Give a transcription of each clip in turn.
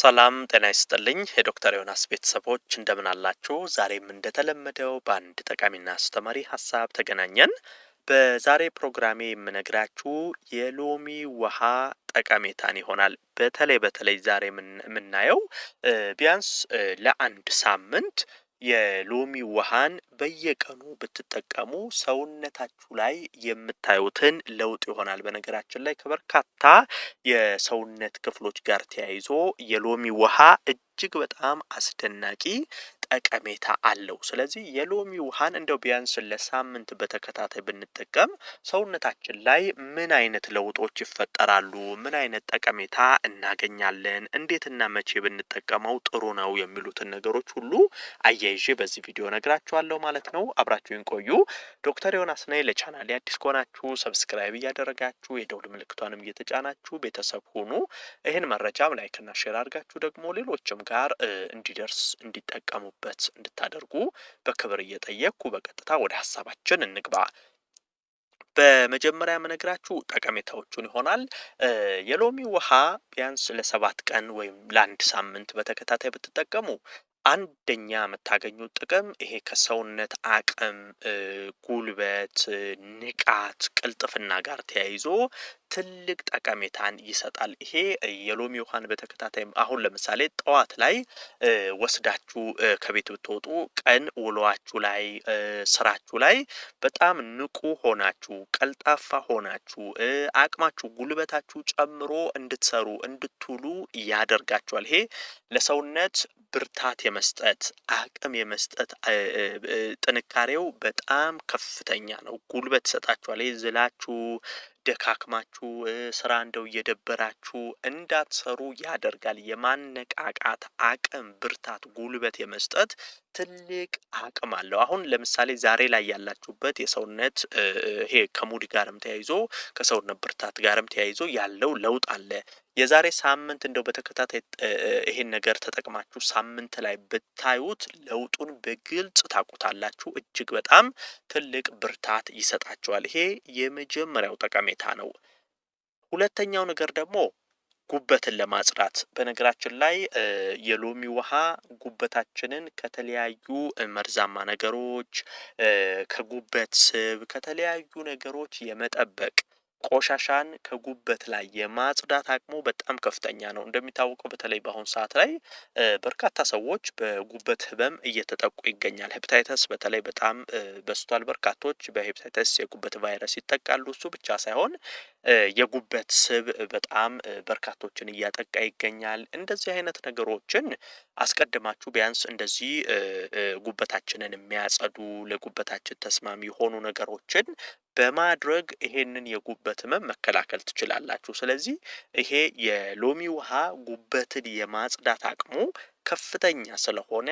ሰላም ጤና ይስጥልኝ የዶክተር ዮናስ ቤተሰቦች እንደምን አላችሁ? ዛሬም እንደተለመደው በአንድ ጠቃሚና አስተማሪ ሀሳብ ተገናኘን። በዛሬ ፕሮግራሜ የምነግራችሁ የሎሚ ውሃ ጠቀሜታን ይሆናል። በተለይ በተለይ ዛሬ የምናየው ቢያንስ ለአንድ ሳምንት የሎሚ ውሃን በየቀኑ ብትጠቀሙ ሰውነታችሁ ላይ የምታዩትን ለውጥ ይሆናል። በነገራችን ላይ ከበርካታ የሰውነት ክፍሎች ጋር ተያይዞ የሎሚ ውሃ እጅግ በጣም አስደናቂ ጠቀሜታ አለው። ስለዚህ የሎሚ ውሃን እንደው ቢያንስ ለሳምንት በተከታታይ ብንጠቀም ሰውነታችን ላይ ምን አይነት ለውጦች ይፈጠራሉ? ምን አይነት ጠቀሜታ እናገኛለን? እንዴትና መቼ ብንጠቀመው ጥሩ ነው? የሚሉትን ነገሮች ሁሉ አያይዤ በዚህ ቪዲዮ ነግራችኋለሁ ማለት ነው። አብራችሁን ቆዩ። ዶክተር ዮናስ ነኝ። ለቻናል አዲስ ከሆናችሁ ሰብስክራይብ እያደረጋችሁ የደውል ምልክቷንም እየተጫናችሁ ቤተሰብ ሁኑ። ይህን መረጃም ላይክና ሼር አድርጋችሁ ደግሞ ሌሎችም ጋር እንዲደርስ እንዲጠቀሙበት ትኩረት እንድታደርጉ በክብር እየጠየቅኩ በቀጥታ ወደ ሀሳባችን እንግባ። በመጀመሪያ የምነግራችሁ ጠቀሜታዎቹን ይሆናል። የሎሚ ውሃ ቢያንስ ለሰባት ቀን ወይም ለአንድ ሳምንት በተከታታይ ብትጠቀሙ አንደኛ የምታገኙት ጥቅም ይሄ ከሰውነት አቅም፣ ጉልበት፣ ንቃት፣ ቅልጥፍና ጋር ተያይዞ ትልቅ ጠቀሜታን ይሰጣል። ይሄ የሎሚ ውሃን በተከታታይ አሁን ለምሳሌ ጠዋት ላይ ወስዳችሁ ከቤት ብትወጡ ቀን ውሏችሁ ላይ ስራችሁ ላይ በጣም ንቁ ሆናችሁ ቀልጣፋ ሆናችሁ አቅማችሁ ጉልበታችሁ ጨምሮ እንድትሰሩ እንድትውሉ ያደርጋችኋል። ይሄ ለሰውነት ብርታት የመስጠት አቅም የመስጠት ጥንካሬው በጣም ከፍተኛ ነው። ጉልበት ሰጣችኋል ዝላችሁ ደካክማችሁ ስራ እንደው እየደበራችሁ እንዳትሰሩ ያደርጋል። የማነቃቃት አቅም፣ ብርታት፣ ጉልበት የመስጠት ትልቅ አቅም አለው። አሁን ለምሳሌ ዛሬ ላይ ያላችሁበት የሰውነት ይሄ ከሙድ ጋርም ተያይዞ ከሰውነት ብርታት ጋርም ተያይዞ ያለው ለውጥ አለ። የዛሬ ሳምንት እንደው በተከታታይ ይሄን ነገር ተጠቅማችሁ ሳምንት ላይ ብታዩት ለውጡን በግልጽ ታቁታላችሁ እጅግ በጣም ትልቅ ብርታት ይሰጣችኋል። ይሄ የመጀመሪያው ጠቀሜታ ነው። ሁለተኛው ነገር ደግሞ ጉበትን ለማጽዳት በነገራችን ላይ የሎሚ ውሃ ጉበታችንን ከተለያዩ መርዛማ ነገሮች፣ ከጉበት ስብ፣ ከተለያዩ ነገሮች የመጠበቅ ቆሻሻን ከጉበት ላይ የማጽዳት አቅሙ በጣም ከፍተኛ ነው። እንደሚታወቀው በተለይ በአሁኑ ሰዓት ላይ በርካታ ሰዎች በጉበት ህመም እየተጠቁ ይገኛል። ሄፕታይተስ በተለይ በጣም በስቷል። በርካቶች በሄፕታይተስ የጉበት ቫይረስ ይጠቃሉ። እሱ ብቻ ሳይሆን የጉበት ስብ በጣም በርካቶችን እያጠቃ ይገኛል። እንደዚህ አይነት ነገሮችን አስቀድማችሁ ቢያንስ እንደዚህ ጉበታችንን የሚያጸዱ ለጉበታችን ተስማሚ የሆኑ ነገሮችን በማድረግ ይሄንን የጉበት ህመም መከላከል ትችላላችሁ። ስለዚህ ይሄ የሎሚ ውሃ ጉበትን የማጽዳት አቅሙ ከፍተኛ ስለሆነ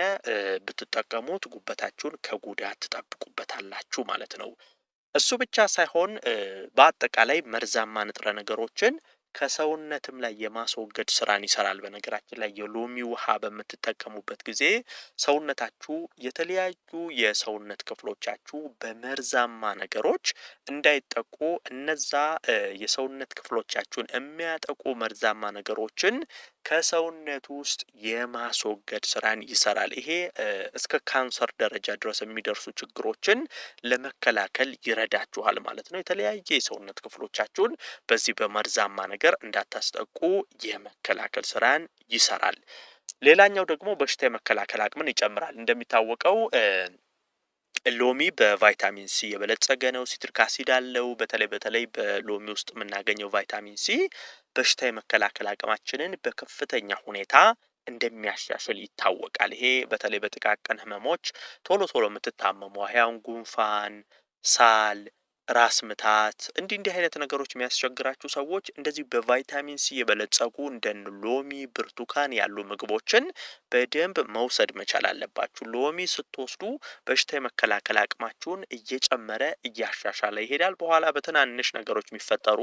ብትጠቀሙት ጉበታችሁን ከጉዳት ትጠብቁበታላችሁ ማለት ነው። እሱ ብቻ ሳይሆን በአጠቃላይ መርዛማ ንጥረ ነገሮችን ከሰውነትም ላይ የማስወገድ ስራን ይሰራል። በነገራችን ላይ የሎሚ ውሃ በምትጠቀሙበት ጊዜ ሰውነታችሁ የተለያዩ የሰውነት ክፍሎቻችሁ በመርዛማ ነገሮች እንዳይጠቁ እነዛ የሰውነት ክፍሎቻችሁን የሚያጠቁ መርዛማ ነገሮችን ከሰውነት ውስጥ የማስወገድ ስራን ይሰራል። ይሄ እስከ ካንሰር ደረጃ ድረስ የሚደርሱ ችግሮችን ለመከላከል ይረዳችኋል ማለት ነው። የተለያየ የሰውነት ክፍሎቻችሁን በዚህ በመርዛማ ነገር እንዳታስጠቁ የመከላከል ስራን ይሰራል። ሌላኛው ደግሞ በሽታ የመከላከል አቅምን ይጨምራል። እንደሚታወቀው ሎሚ በቫይታሚን ሲ የበለጸገ ነው። ሲትሪክ አሲድ አለው። በተለይ በተለይ በሎሚ ውስጥ የምናገኘው ቫይታሚን ሲ በሽታ የመከላከል አቅማችንን በከፍተኛ ሁኔታ እንደሚያሻሽል ይታወቃል። ይሄ በተለይ በጥቃቅን ህመሞች ቶሎ ቶሎ የምትታመሙ አሁን ጉንፋን፣ ሳል ራስ ምታት እንዲህ እንዲህ አይነት ነገሮች የሚያስቸግራችሁ ሰዎች እንደዚህ በቫይታሚን ሲ የበለጸጉ እንደ ሎሚ፣ ብርቱካን ያሉ ምግቦችን በደንብ መውሰድ መቻል አለባችሁ። ሎሚ ስትወስዱ በሽታ የመከላከል አቅማችሁን እየጨመረ እያሻሻለ ይሄዳል። በኋላ በትናንሽ ነገሮች የሚፈጠሩ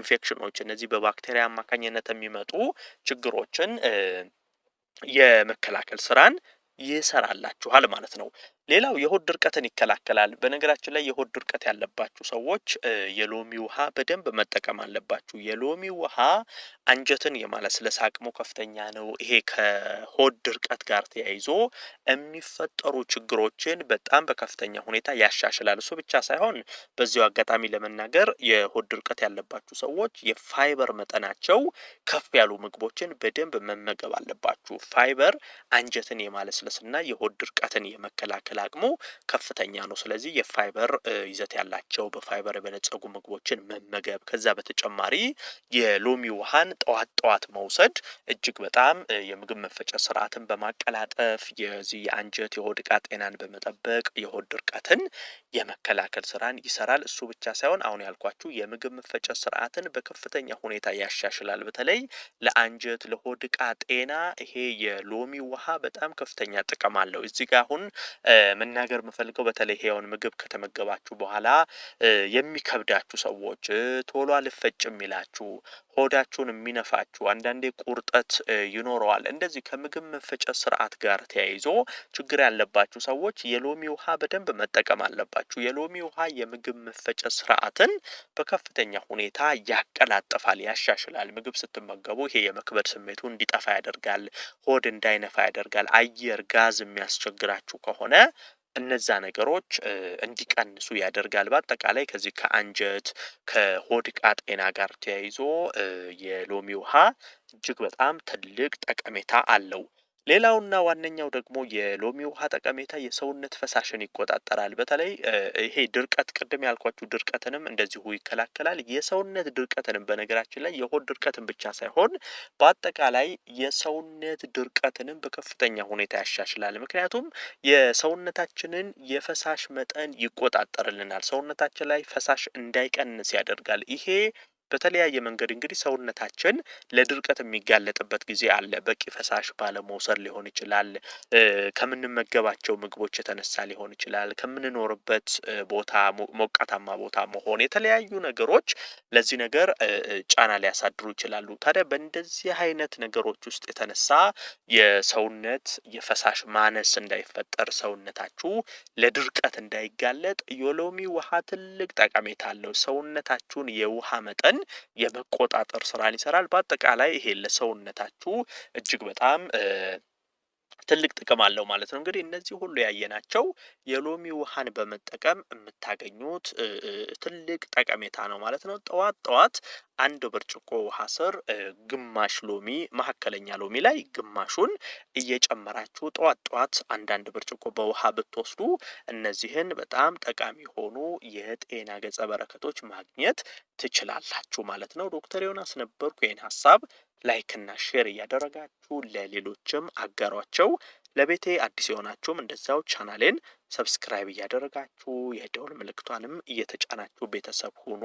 ኢንፌክሽኖች፣ እነዚህ በባክቴሪያ አማካኝነት የሚመጡ ችግሮችን የመከላከል ስራን ይሰራላችኋል ማለት ነው። ሌላው የሆድ ድርቀትን ይከላከላል። በነገራችን ላይ የሆድ ድርቀት ያለባችሁ ሰዎች የሎሚ ውሃ በደንብ መጠቀም አለባችሁ። የሎሚ ውሃ አንጀትን የማለስለስ አቅሙ ከፍተኛ ነው። ይሄ ከሆድ ድርቀት ጋር ተያይዞ የሚፈጠሩ ችግሮችን በጣም በከፍተኛ ሁኔታ ያሻሽላል። እሱ ብቻ ሳይሆን በዚሁ አጋጣሚ ለመናገር የሆድ ድርቀት ያለባችሁ ሰዎች የፋይበር መጠናቸው ከፍ ያሉ ምግቦችን በደንብ መመገብ አለባችሁ። ፋይበር አንጀትን የማለስለስና የሆድ ድርቀትን የመከላከል የመከላከል አቅሙ ከፍተኛ ነው። ስለዚህ የፋይበር ይዘት ያላቸው በፋይበር የበለጸጉ ምግቦችን መመገብ፣ ከዛ በተጨማሪ የሎሚ ውሃን ጠዋት ጠዋት መውሰድ እጅግ በጣም የምግብ መፈጨት ስርዓትን በማቀላጠፍ የዚህ የአንጀት የሆድ ዕቃ ጤናን በመጠበቅ የሆድ ድርቀትን የመከላከል ስራን ይሰራል። እሱ ብቻ ሳይሆን አሁን ያልኳችሁ የምግብ መፈጨት ስርዓትን በከፍተኛ ሁኔታ ያሻሽላል። በተለይ ለአንጀት ለሆድ ዕቃ ጤና ይሄ የሎሚ ውሃ በጣም ከፍተኛ ጥቅም አለው። እዚህ ጋር አሁን መናገር የምፈልገው በተለይ ሄውን ምግብ ከተመገባችሁ በኋላ የሚከብዳችሁ ሰዎች፣ ቶሎ አልፈጭ የሚላችሁ ሆዳችሁን የሚነፋችሁ፣ አንዳንዴ ቁርጠት ይኖረዋል። እንደዚህ ከምግብ መፈጨት ስርዓት ጋር ተያይዞ ችግር ያለባችሁ ሰዎች የሎሚ ውሃ በደንብ መጠቀም አለባችሁ። የሎሚ ውሃ የምግብ መፈጨት ስርዓትን በከፍተኛ ሁኔታ ያቀላጥፋል፣ ያሻሽላል። ምግብ ስትመገቡ ይሄ የመክበድ ስሜቱ እንዲጠፋ ያደርጋል። ሆድ እንዳይነፋ ያደርጋል። አየር ጋዝ የሚያስቸግራችሁ ከሆነ እነዛ ነገሮች እንዲቀንሱ ያደርጋል። በአጠቃላይ ከዚህ ከአንጀት ከሆድ ዕቃ ጤና ጋር ተያይዞ የሎሚ ውሃ እጅግ በጣም ትልቅ ጠቀሜታ አለው። ሌላውና ዋነኛው ደግሞ የሎሚ ውሃ ጠቀሜታ የሰውነት ፈሳሽን ይቆጣጠራል። በተለይ ይሄ ድርቀት ቅድም ያልኳችሁ ድርቀትንም እንደዚሁ ይከላከላል። የሰውነት ድርቀትንም በነገራችን ላይ የሆድ ድርቀትን ብቻ ሳይሆን በአጠቃላይ የሰውነት ድርቀትንም በከፍተኛ ሁኔታ ያሻሽላል። ምክንያቱም የሰውነታችንን የፈሳሽ መጠን ይቆጣጠርልናል። ሰውነታችን ላይ ፈሳሽ እንዳይቀንስ ያደርጋል። ይሄ በተለያየ መንገድ እንግዲህ ሰውነታችን ለድርቀት የሚጋለጥበት ጊዜ አለ። በቂ ፈሳሽ ባለመውሰድ ሊሆን ይችላል። ከምንመገባቸው ምግቦች የተነሳ ሊሆን ይችላል። ከምንኖርበት ቦታ ሞቃታማ ቦታ መሆን፣ የተለያዩ ነገሮች ለዚህ ነገር ጫና ሊያሳድሩ ይችላሉ። ታዲያ በእንደዚህ አይነት ነገሮች ውስጥ የተነሳ የሰውነት የፈሳሽ ማነስ እንዳይፈጠር ሰውነታችሁ ለድርቀት እንዳይጋለጥ የሎሚ ውሃ ትልቅ ጠቀሜታ አለው። ሰውነታችሁን የውሃ መጠን ያን የመቆጣጠር ስራን ይሰራል። በአጠቃላይ ይሄ ለሰውነታችሁ እጅግ በጣም ትልቅ ጥቅም አለው ማለት ነው። እንግዲህ እነዚህ ሁሉ ያየናቸው የሎሚ ውሃን በመጠቀም የምታገኙት ትልቅ ጠቀሜታ ነው ማለት ነው። ጠዋት ጠዋት አንድ ብርጭቆ ውሃ ስር ግማሽ ሎሚ መካከለኛ ሎሚ ላይ ግማሹን እየጨመራችሁ ጠዋት ጠዋት አንዳንድ ብርጭቆ በውሃ ብትወስዱ እነዚህን በጣም ጠቃሚ የሆኑ የጤና ገጸ በረከቶች ማግኘት ትችላላችሁ ማለት ነው። ዶክተር ዮናስ ነበርኩ። ይህን ሀሳብ እና ሼር እያደረጋችሁ ለሌሎችም አጋሯቸው። ለቤቴ አዲስ የሆናችሁም እንደዛው ቻናሌን ሰብስክራይብ እያደረጋችሁ የደውል ምልክቷንም እየተጫናችሁ ቤተሰብ ሁኑ።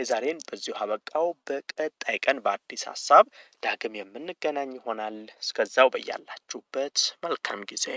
የዛሬን በዚሁ አበቃው። በቀጣይ ቀን በአዲስ ሀሳብ ዳግም የምንገናኝ ይሆናል። እስከዛው በያላችሁበት መልካም ጊዜ